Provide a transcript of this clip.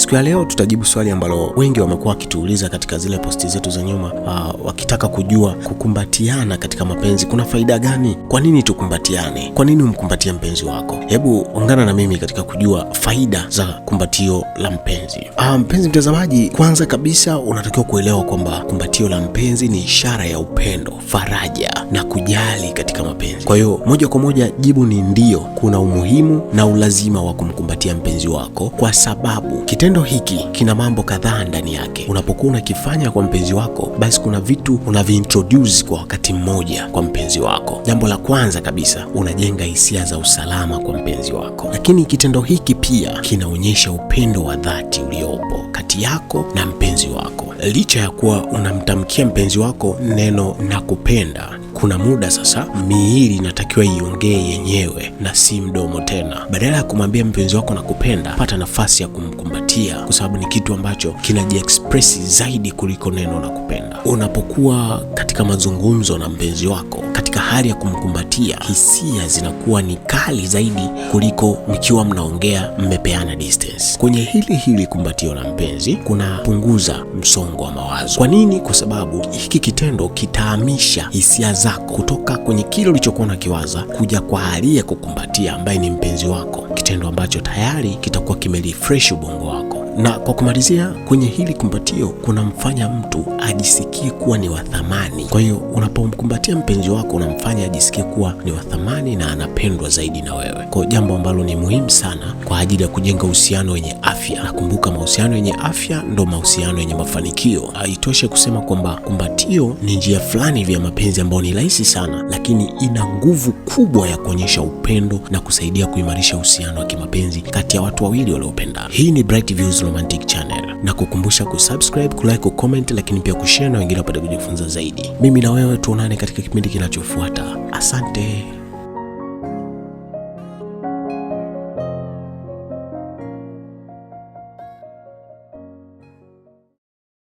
Siku ya leo tutajibu swali ambalo wengi wamekuwa wakituuliza katika zile posti zetu za nyuma, uh, wakitaka kujua kukumbatiana katika mapenzi kuna faida gani? Kwa nini tukumbatiane? Kwa nini umkumbatie mpenzi wako? Hebu ungana na mimi katika kujua faida za kumbatio la mpenzi. Uh, mpenzi mtazamaji, kwanza kabisa unatakiwa kuelewa kwamba kumbatio la mpenzi ni ishara ya upendo, faraja na kujali katika mapenzi. Kwa hiyo moja kwa moja jibu ni ndio, kuna umuhimu na ulazima wa kumkumbatia mpenzi wako kwa sababu kitendo Kitendo hiki kina mambo kadhaa ndani yake. Unapokuwa unakifanya kwa mpenzi wako, basi kuna vitu unaviintroduce kwa wakati mmoja kwa mpenzi wako. Jambo la kwanza kabisa, unajenga hisia za usalama kwa mpenzi wako, lakini kitendo hiki pia kinaonyesha upendo wa dhati uliopo kati yako na mpenzi wako. Licha ya kuwa unamtamkia mpenzi wako neno nakupenda kuna muda sasa miili inatakiwa iongee yenyewe na si mdomo tena. Badala ya kumwambia mpenzi wako nakupenda, pata nafasi ya kumkumbatia, kwa sababu ni kitu ambacho kinajiexpress zaidi kuliko neno nakupenda. Unapokuwa katika mazungumzo na mpenzi wako katika hali ya kumkumbatia, hisia zinakuwa ni kali zaidi kuliko mkiwa mnaongea mmepeana distance. Kwenye hili hili kumbatio la mpenzi kunapunguza msongo wa mawazo. Kwa nini? Kwa sababu hiki kitendo kitahamisha hisia zako kutoka kwenye kile ulichokuwa unakiwaza kuja kwa hali ya kukumbatia ambaye ni mpenzi wako, kitendo ambacho tayari kitakuwa kimerefresh ubongo wako. Na kwa kumalizia, kwenye hili kumbatio kunamfanya mtu ajisikie kuwa ni wa thamani. Kwa hiyo unapomkumbatia mpenzi wako unamfanya ajisikie kuwa ni wa thamani na anapendwa zaidi na wewe, kwa jambo ambalo ni muhimu sana kwa ajili ya kujenga uhusiano wenye afya. Nakumbuka, mahusiano yenye afya ndo mahusiano yenye mafanikio. Haitoshe kusema kwamba kumbatio ni njia fulani vya mapenzi ambayo ni rahisi sana, lakini ina nguvu kubwa ya kuonyesha upendo na kusaidia kuimarisha uhusiano wa kimapenzi kati ya watu wawili waliopendana. Hii ni Bright Views Romantic Channel na kukumbusha kusubscribe, kulike, kucomment, lakini pia kushare na wengine wapate kujifunza zaidi. Mimi na wewe tuonane katika kipindi kinachofuata. Asante.